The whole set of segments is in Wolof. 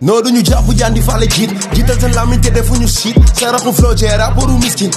non duñu jàpp jandi fàlle jiit jiital seen làmmiñ te defuñu siit saraxu flogé rapportu miskin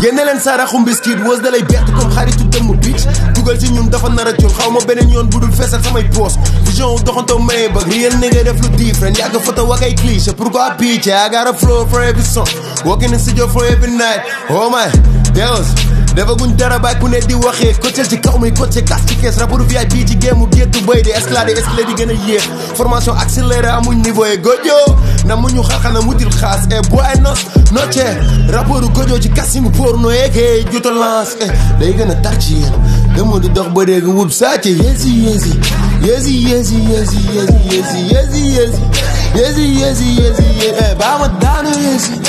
génne leen saraxu mbiskit wës da lay bett comme xaritu dëmm biic dugal ci ñun dafa nar a cun xaw ma beneen yoon budul feesal samay poos vision wu doxantoo maye bëgg réel ni nga def lu different yàgg photo wak ay cliché pourquoi piice I got a flow for every song walking in studio for every night oh my girls defaguñ dara bàyyi ku ne di waxee côté ci kaw muy côté kas ci kees rapport VIP ci géemu géttu bay di escalade escalade di gën a yéex formation accélérée amuñ niveau ye gojo na mu ñu xarxana mutil xaas e boy nos noce rapport gojo ci kasimu porno yeekee juta lance e day gën a tar ci yéen dama di dox ba dégg wub saa ci yezi yezi yezi yezi yezi yezi yezi yezi yezi yezi yezi yezi yezi yezi yezi yezi yezi